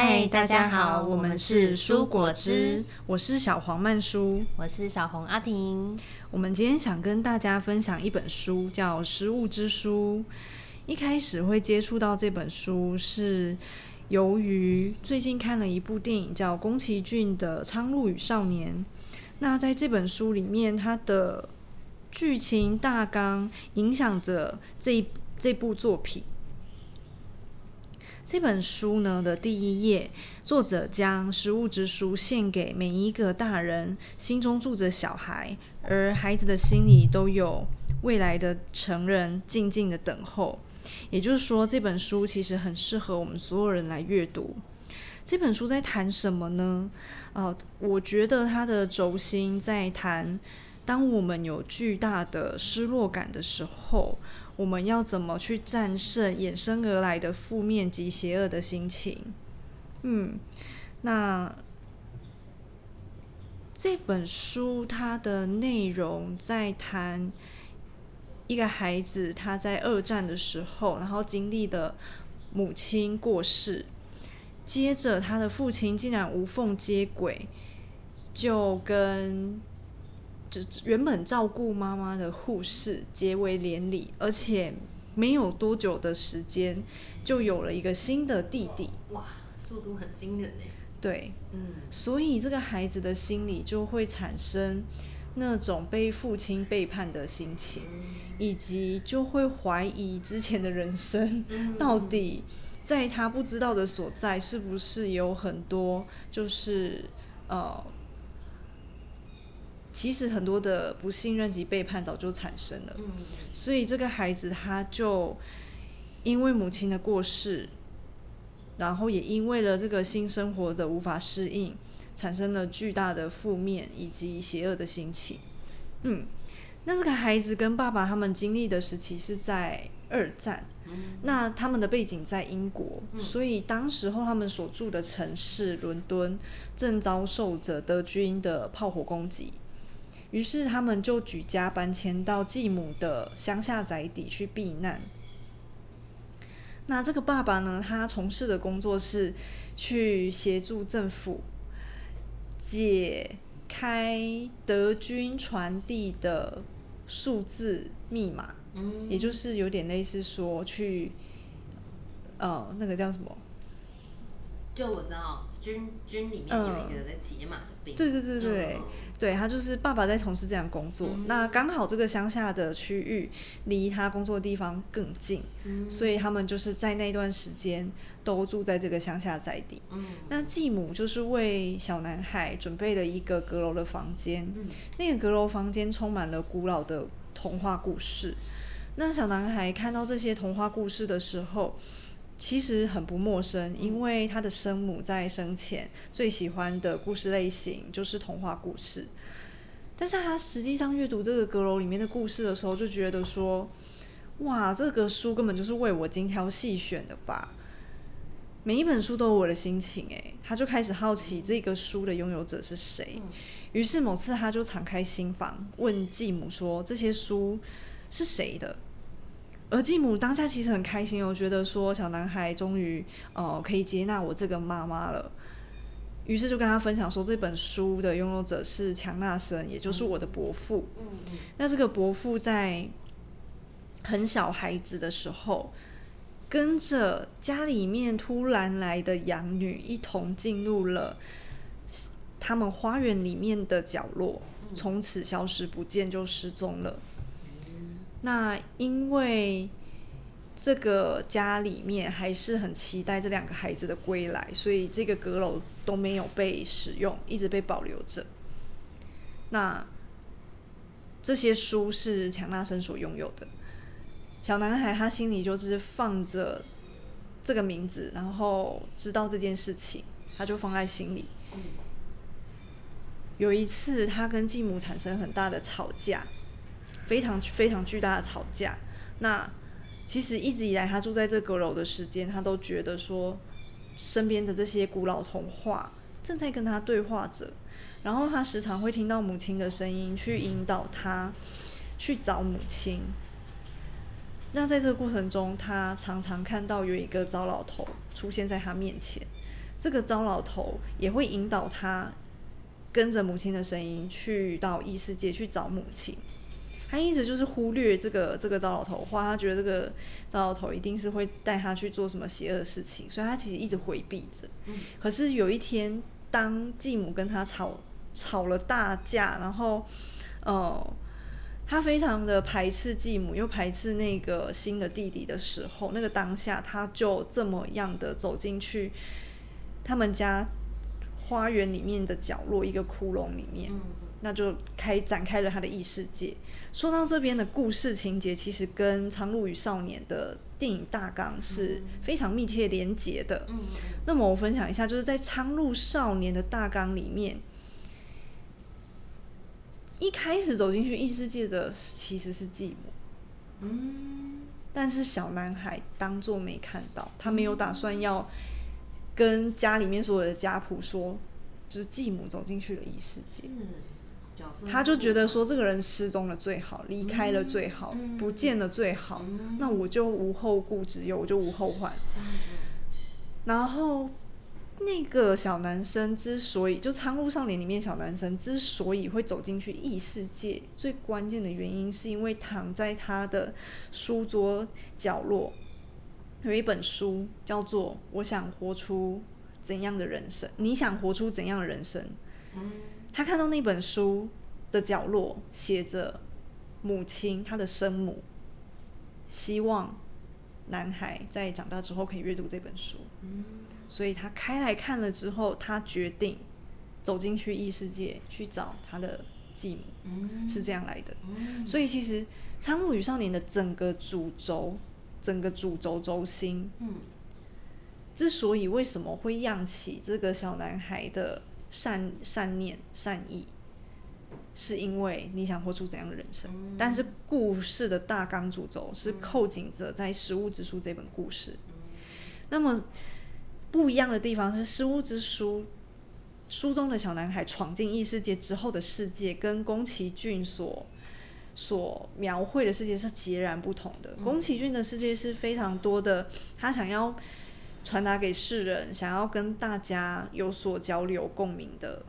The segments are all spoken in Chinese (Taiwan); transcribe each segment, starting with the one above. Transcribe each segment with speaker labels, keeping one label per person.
Speaker 1: 嗨，Hi, 大家好，我們是書果汁，我是小黃曼舒，我是小紅阿婷，我們今天想跟大家分享一本書，叫《失物之書》。一開始會接觸到這本書，是由於最近看了一部電影叫宮崎駿的《蒼鷺與少年》，那在這本書裡面，它的劇情大綱影響着這一這部作品。這本書呢的第一頁，作者將《失物之書》獻給每一個大人，心中住着小孩，而孩子的心裡都有未來的成人靜靜的等候。也就是說，這本書其實很適合我們所有人來閱讀。這本書在談什麼呢？呃，我覺得它的軸心在談，當我們有巨大的失落感的時候。我們要怎麼去戰勝衍生而來的負面及邪惡的心情？嗯，那這本書它的內容在談一個孩子，他在二戰的時候，然後經歷了母親過世，接着他的父親竟然無縫接軌，就跟。就原本照顧媽媽的護士結為連理，而且沒有多久的時間就有了一個新的弟弟。哇，速度很驚人誒。對，嗯，所以這個孩子的心裡就會產生那種被父親背叛的心情，嗯、以及就會懷疑之前的人生，到底在他不知道的所在，是不是有很多就是呃。其實很多的不信任及背叛早就產生了，所以這個孩子他就因為母親的過世，然後也因為了這個新生活的無法適應，產生了巨大的負面以及邪惡的心情。嗯，那這個孩子跟爸爸他們經歷的時期是在二戰，那他們的背景在英國，嗯，所以當時候他們所住的城市倫敦正遭受着德軍的炮火攻擊。於是他們就舉家搬遷到繼母的鄉下宅邸去避難。那這個爸爸呢，他從事的工作是去協助政府解開德軍傳遞的數字密碼，嗯，也就是有點類似說去，哦，呃，那個叫什麼？就我知道。軍軍裡面有一個在解碼的兵，呃。對對對對，哦、對他就是爸爸在從事這樣工作。嗯、那剛好這個鄉下的區域離他工作的地方更近，嗯、所以他們就是在那段時間都住在這個鄉下宅邸。嗯、那繼母就是為小男孩準備了一個閣樓的房間，嗯、那個閣樓房間充滿了古老的童話故事。那小男孩看到這些童話故事的時候。其實很不陌生，因為他的生母在生前最喜歡的故事類型就是童話故事。但是他實際上閱讀這個閣樓裡面的故事的時候，就覺得說，哇，這個書根本就是為我精挑細選的吧？每一本書都有我的心情誒。他就開始好奇這個書的擁有者是誰。於是某次他就敞開心房，問繼母說：這些書是誰的？而繼母當下其實很開心我、哦、覺得說，小男孩終於呃可以接納我這個媽媽了，於是就跟他分享說，這本書的擁有者是強納森，也就是我的伯父。嗯。那這個伯父在很小孩子的時候，跟着家裡面突然來的養女一同進入了他們花園裡面的角落，從此消失不見，就失蹤了。那因為這個家裡面還是很期待這兩個孩子的歸來，所以這個閣樓都沒有被使用，一直被保留着。那這些書是強納森所擁有的。小男孩他心裡就是放着這個名字，然後知道這件事情，他就放在心裡。有一次他跟繼母產生很大的吵架。非常非常巨大的吵架。那其實一直以來，他住在這閣樓的時間，他都覺得說，身邊的這些古老童話正在跟他對話着。然後他時常會聽到母親的聲音，去引導他去找母親。那在這個過程中，他常常看到有一個糟老頭出現在他面前。這個糟老頭也會引導他跟着母親的聲音，去到異世界去找母親。他一直就是忽略這個這個糟老頭話，他覺得這個糟老頭一定是會帶他去做什麼邪惡的事情，所以他其實一直回避着。嗯。可是有一天，當繼母跟他吵吵了大架，然後呃他非常的排斥繼母，又排斥那個新的弟弟的時候，那個當下他就這麼樣的走進去他們家花園裡面的角落，一個窟窿裡面，嗯、那就開展開了他的異世界。說到這邊的故事情節，其實跟《蒼鷺與少年》的電影大綱是非常密切連接的。嗯、那麼我分享一下，就是在《蒼鷺少年》的大綱裡面，一開始走進去異世界的其實是繼母。嗯，但是小男孩當作沒看到，他沒有打算要。跟家裡面所有的家僕說，就是繼母走進去了異世界，嗯、他就覺得說這個人失蹤了最好，嗯、離開了最好，嗯、不見了最好，嗯、那我就無後顧之憂，我就無後患。嗯嗯、然後那個小男生之所以，就《蒼鷺少年》裡面小男生之所以會走進去異世界，最關鍵的原因是因為躺在他的書桌角落。有一本書叫做《我想活出怎樣的人生》，你想活出怎樣的人生？嗯。他看到那本書的角落寫着母親，他的生母，希望男孩在長大之後可以閱讀這本書。嗯。所以他開來看了之後，他決定走進去異世界去找他的繼母，嗯。是這樣來的。嗯。所以其實《蒼鷺與少年》的整個主軸。整個主軸軸心，嗯，之所以為什麼會揚起這個小男孩的善善念善意，是因為你想活出怎樣的人生？嗯、但是故事的大綱主軸是扣緊着在《失物之書》這本故事。嗯、那麼不一樣的地方是，《失物之書》書中的小男孩闖進異世界之後的世界，跟宮崎駿所所描繪的世界是截然不同的。嗯、宮崎駿的世界是非常多的，他想要傳達給世人，想要跟大家有所交流共鳴的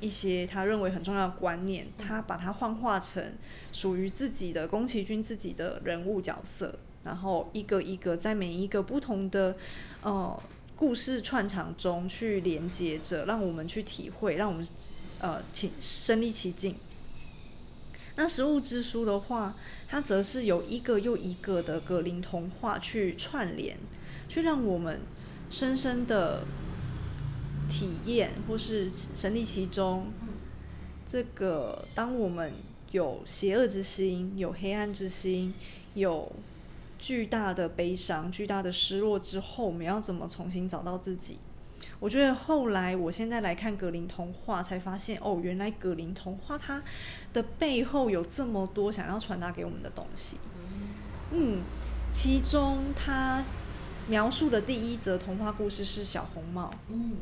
Speaker 1: 一些他認為很重要的觀念，嗯、他把它幻化成屬於自己的宮崎駿自己的人物角色，然後一個一個在每一個不同的呃故事串場中去連接着，讓我們去體會，讓我們呃親身臨其境。那《失物之書》的話，它則是有一個又一個的格林童話去串聯，去讓我們深深的體驗或是沉溺其中。這個，當我們有邪惡之心、有黑暗之心、有巨大的悲傷、巨大的失落之後，我們要怎麼重新找到自己？我覺得後來，我現在來看格林童話，才發現哦，原來格林童話它的背後有這麼多想要傳達給我們的東西。嗯，其中他描述的第一則童話故事是小紅帽。嗯，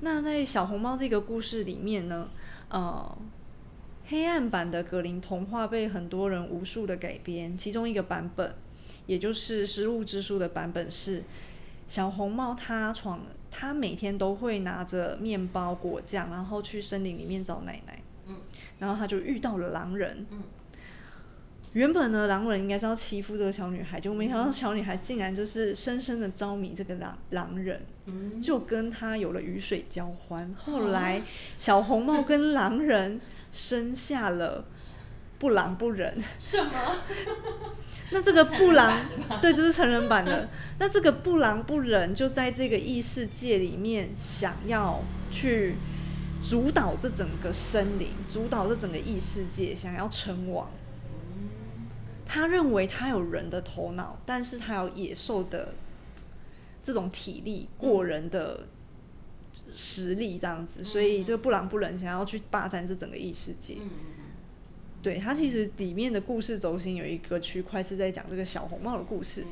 Speaker 1: 那在小紅帽這個故事裡面呢，呃，黑暗版的格林童話被很多人無數的改編，其中一個版本，也就是《失物之書》的版本是小紅帽，他闖。他每天都會拿着麵包果醬，然後去森林裡面找奶奶。嗯、然後他就遇到了狼人。嗯、原本呢，狼人應該是要欺負這個小女孩，就沒想到小女孩竟然就是深深的着迷這個狼狼人，嗯、就跟他有了魚水交歡。嗯、後來，小紅帽跟狼人生下了。不狼不人什麼是嗎 那這個不狼對，這、就是成人版的。 那這個不狼不人就在這個異世界裡面，想要去主導這整個森林，主導這整個異世界，想要稱王。他認為他有人的頭腦，但是他有野獸的這種體力過人的實力，這樣子，嗯、所以這個不狼不人想要去霸占這整個異世界。嗯嗯對，它其實裡面的故事軸心有一個區塊是在講這個小紅帽的故事。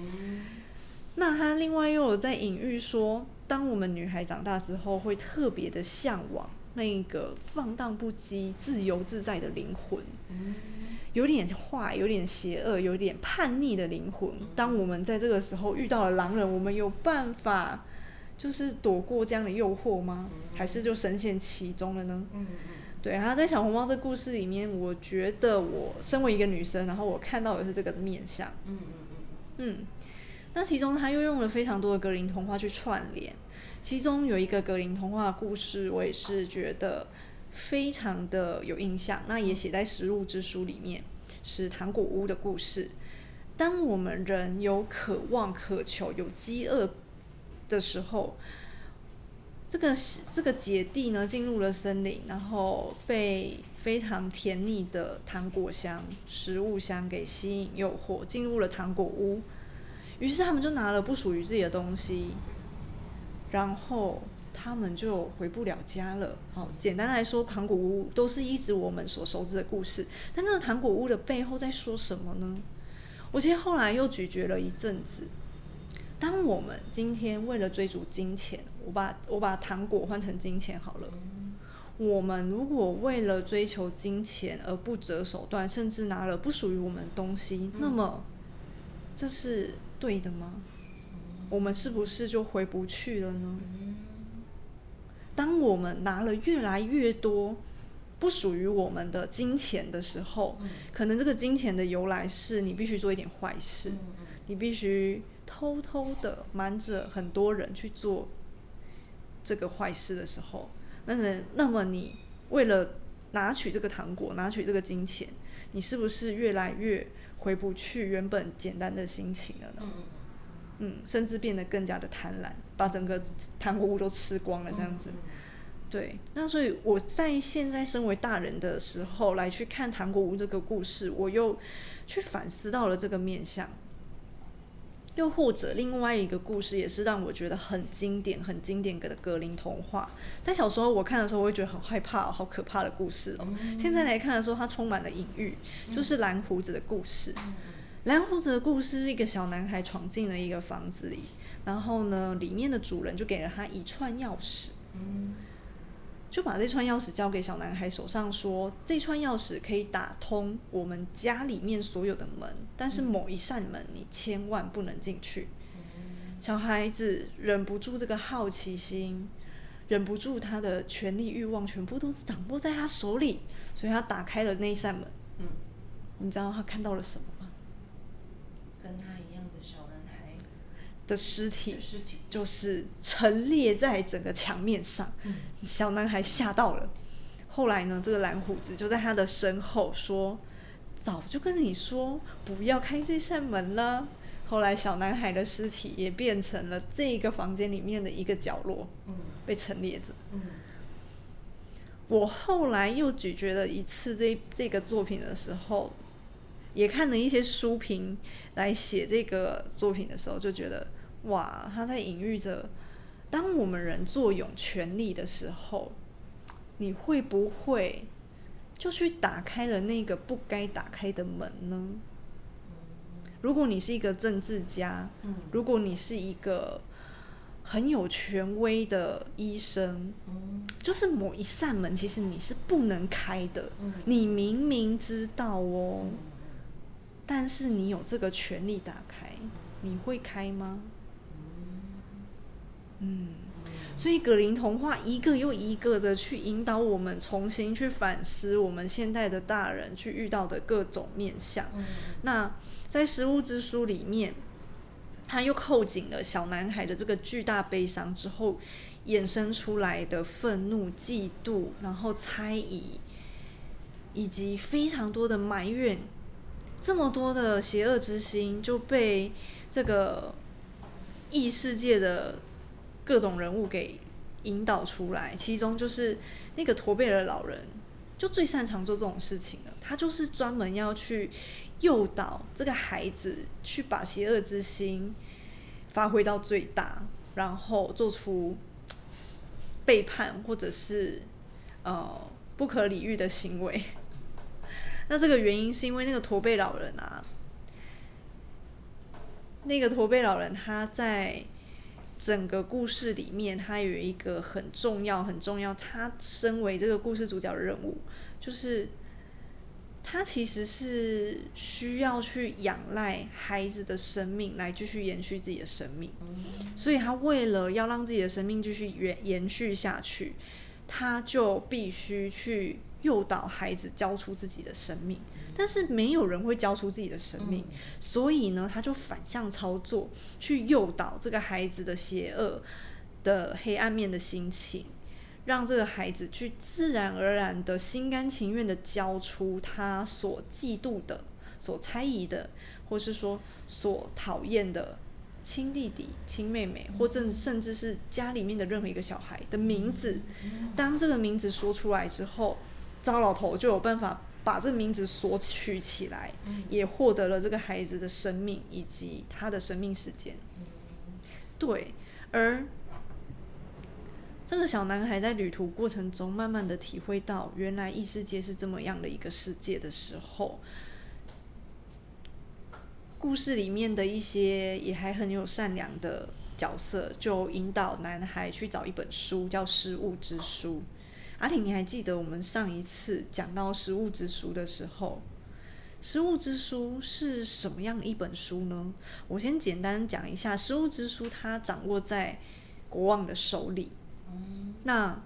Speaker 1: 那它另外又有在隱喻說，當我們女孩長大之後，會特別的嚮往那個放蕩不羈、自由自在的靈魂，有點壞、有點邪惡、有點叛逆的靈魂。當我們在這個時候遇到了狼人，我們有辦法。就是躲過這樣的誘惑嗎？還是就深陷其中了呢？嗯，嗯，嗯對，然後在小紅帽這故事裡面，我覺得我身為一個女生，然後我看到的是這個面相。嗯嗯嗯。嗯，那其中他又用了非常多的格林童話去串聯，其中有一個格林童話的故事，我也是覺得非常的有印象，那也寫在《失物之書》裡面，是糖果屋的故事。當我們人有渴望、渴求、有飢餓。的時候，這個這個姐弟呢進入了森林，然後被非常甜膩的糖果香、食物香給吸引誘惑，進入了糖果屋。於是他們就拿了不屬於自己的東西，然後他們就回不了家了。哦，簡單來說，糖果屋都是一直我們所熟知的故事。但那個糖果屋的背後在說什麼呢？我其實後來又咀嚼了一陣子。當我們今天為了追逐金錢，我把我把糖果換成金錢好了。我們如果為了追求金錢而不擇手段，甚至拿了不屬於我們的東西，那麼這是對的嗎？我們是不是就回不去了呢？當我們拿了越來越多。不屬於我們的金錢的時候，可能這個金錢的由來是你必須做一點壞事，你必須偷偷的瞞着很多人去做這個壞事的時候，那那麼你為了拿取這個糖果，拿取這個金錢，你是不是越來越回不去原本簡單的心情了呢？嗯，甚至變得更加的貪婪，把整個糖果屋都吃光了這樣子。對，那所以我在現在身為大人的時候，來去看《糖果屋》這個故事，我又去反思到了這個面向。又或者另外一個故事，也是讓我覺得很經典、很經典的格林童話。在小時候我看的時候，我會覺得很害怕、好可怕的故事哦、喔。嗯、現在來看的時候，它充滿了隱喻，就是《藍胡子》的故事。嗯《藍胡子》的故事是一個小男孩闖進了一個房子裡，然後呢，裡面的主人就給了他一串鑰匙。嗯就把這串鑰匙交給小男孩手上說，說這串鑰匙可以打通我們家裡面所有的門，但是某一扇門你千萬不能進去。嗯、小孩子忍不住這個好奇心，忍不住他的權力欲望，全部都掌握在他手裡，所以他打開了那扇門。嗯，你知道他看到了什麼嗎？跟他一樣的小男孩。的屍體就是陳列在整個牆面上，嗯、小男孩嚇到了。後來呢，這個藍鬍子就在他的身後說：“早就跟你說不要開這扇門了。”後來小男孩的屍體也變成了這個房間裡面的一個角落，嗯、被陳列着。嗯、我後來又咀嚼了一次這這個作品的時候，也看了一些書評來寫這個作品的時候，就覺得。哇，他在隱喻着，當我們人坐擁權力的時候，你會不會就去打開了那個不該打開的門呢？如果你是一個政治家，如果你是一個很有權威的醫生，就是某一扇門，其實你是不能開的。你明明知道哦，但是你有這個權力打開，你會開嗎？嗯，所以格林童話一個又一個的去引導我們重新去反思我們現代的大人去遇到的各種面向。嗯嗯嗯，那在《失物之書》裡面，他又扣緊了小男孩的這個巨大悲傷之後，衍生出來的憤怒、嫉妒，然後猜疑，以及非常多的埋怨，這麼多的邪惡之心就被這個異世界的。各種人物給引導出來，其中就是那個駝背的老人，就最擅長做這種事情了。他就是專門要去誘導這個孩子去把邪惡之心發揮到最大，然後做出背叛或者是呃不可理喻的行為。那這個原因是因為那個駝背老人啊，那個駝背老人他在。整個故事裡面，他有一個很重要、很重要。他身為這個故事主角的任務，就是他其實是需要去仰賴孩子的生命來繼續延續自己的生命。所以，他為了要讓自己的生命繼續延延續下去，他就必須去。誘導孩子交出自己的生命，但是沒有人會交出自己的生命，所以呢，他就反向操作，去誘導這個孩子的邪惡的黑暗面的心情，讓這個孩子去自然而然的心甘情願的交出他所嫉妒的、所猜疑的，或是說所討厭的親弟弟、親妹妹，或者甚至是家裡面的任何一個小孩的名字。當這個名字說出來之後，糟老頭就有辦法把這個名字索取起來，也獲得了這個孩子的生命以及他的生命時間。對，而這個小男孩在旅途過程中，慢慢的體會到原來異世界是這麼樣的一個世界的時候，故事裡面的一些也還很有善良的角色，就引導男孩去找一本書，叫《失物之書》。阿婷，你還記得我們上一次講到《失物之書》的時候，《失物之書》是什麼樣一本書呢？我先簡單講一下，《失物之書》它掌握在國王的手裡。嗯。那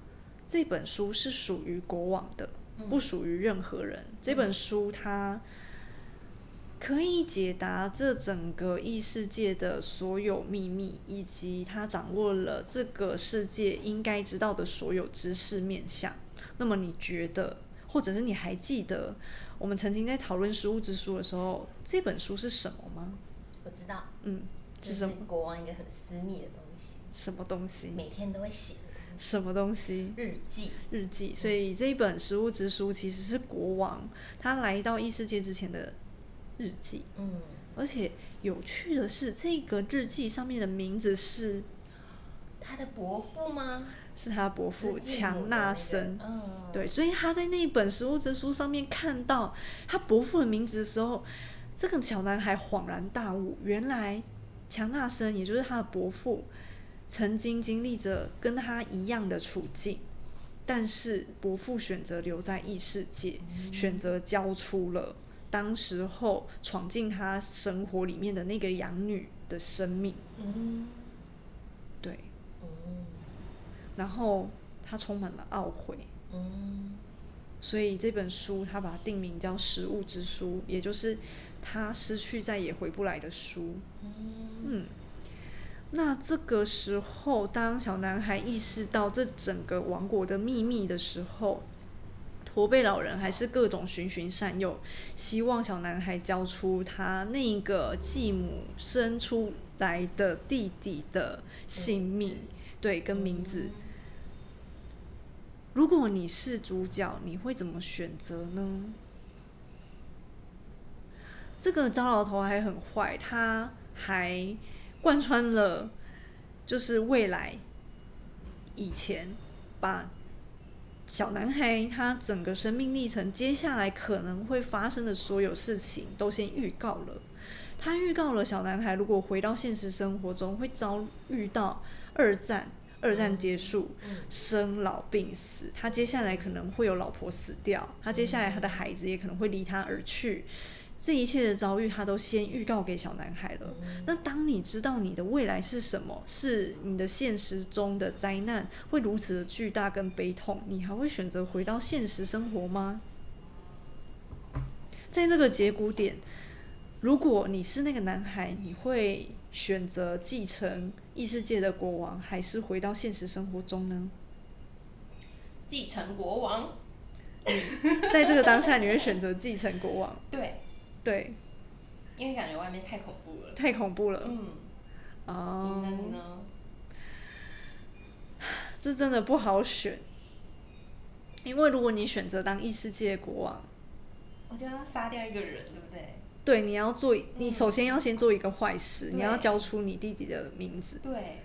Speaker 1: 這本書是屬於國王的，不屬於任何人。嗯。這本書它。可以解答這整個異世界的所有祕密，以及他掌握了這個世界應該知道的所有知識面向。那麼你覺得，或者是你還記得我們曾經在討論《失物之書》的時候，這本書是什麼嗎？我知道，嗯，這是，是國王一個很私密的東西。什麼東西？每天都會寫。什麼東西？日記，日記。嗯、所以這一本《失物之書》其實是國王他來到異世界之前的日記，嗯，而且有趣的是，這個日記上面的名字是他的伯父嗎？是他的伯父的、那個、強納森，嗯、哦，對，所以他在那一本失物之書上面看到他伯父的名字的時候，這個小男孩恍然大悟，原來強納森也就是他的伯父，曾經經歷着跟他一樣的處境，但是伯父選擇留在異世界，嗯、選擇交出了。當時候闖進他生活裡面的那個養女的生命，嗯，對，哦，然後他充滿了懊悔，嗯，所以這本書他把它定名叫《失物之書》，也就是他失去再也回不來的書，嗯，那這個時候，當小男孩意識到這整個王國的秘密的時候。駝背老人還是各種循循善誘，希望小男孩交出他那個繼母生出來的弟弟的性命，嗯、對，跟名字。嗯、如果你是主角，你會怎麼選擇呢？這個糟老頭還很壞，他還貫穿了，就是未來、以前吧，把。小男孩他整個生命歷程接下來可能會發生的所有事情都先預告了。他預告了小男孩如果回到現實生活中會遭遇到二戰，二戰結束，生老病死。他接下來可能會有老婆死掉，他接下來他的孩子也可能會離他而去。這一切的遭遇，他都先預告給小男孩了。那當你知道你的未來是什麼，是你的現實中的災難會如此的巨大跟悲痛，你還會選擇回到現實生活嗎？在這個節骨點，如果你是那個男孩，你會選擇繼承異世界的國王，還是回到現實生活中呢？繼承國王。 在這個當下，你會選擇繼承國王？對。對，因為感覺外面太恐怖了。太恐怖了。嗯。哦、uh, 嗯呢。這真的不好選，因為如果你選擇當異世界國王，我就要殺掉一個人，對不對？對，你要做，你首先要先做一個壞事，嗯、你要交出你弟弟的名字。對。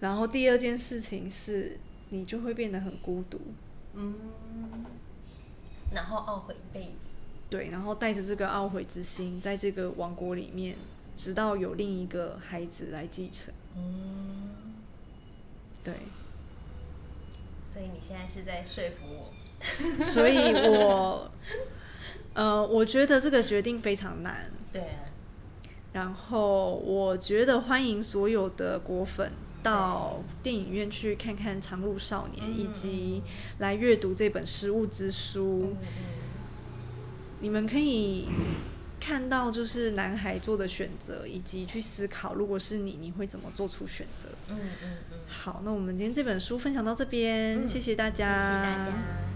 Speaker 1: 然後第二件事情是，你就會變得很孤獨。嗯。然後懊悔一輩子。對，然後帶着這個懊悔之心，在這個王國裡面，直到有另一個孩子來繼承。嗯、對。所以你現在是在說服我？ 所以，我，呃，我覺得這個決定非常難。對、啊。然後，我覺得歡迎所有的果粉到電影院去看看《蒼鷺與少年》，嗯，以及來閱讀這本《失物之書》。嗯嗯嗯你們可以看到，就是男孩做的選擇，以及去思考，如果是你，你會怎麼做出選擇？嗯，嗯嗯嗯。好，那我們今天這本書分享到這邊，嗯，謝謝大家。謝謝大家。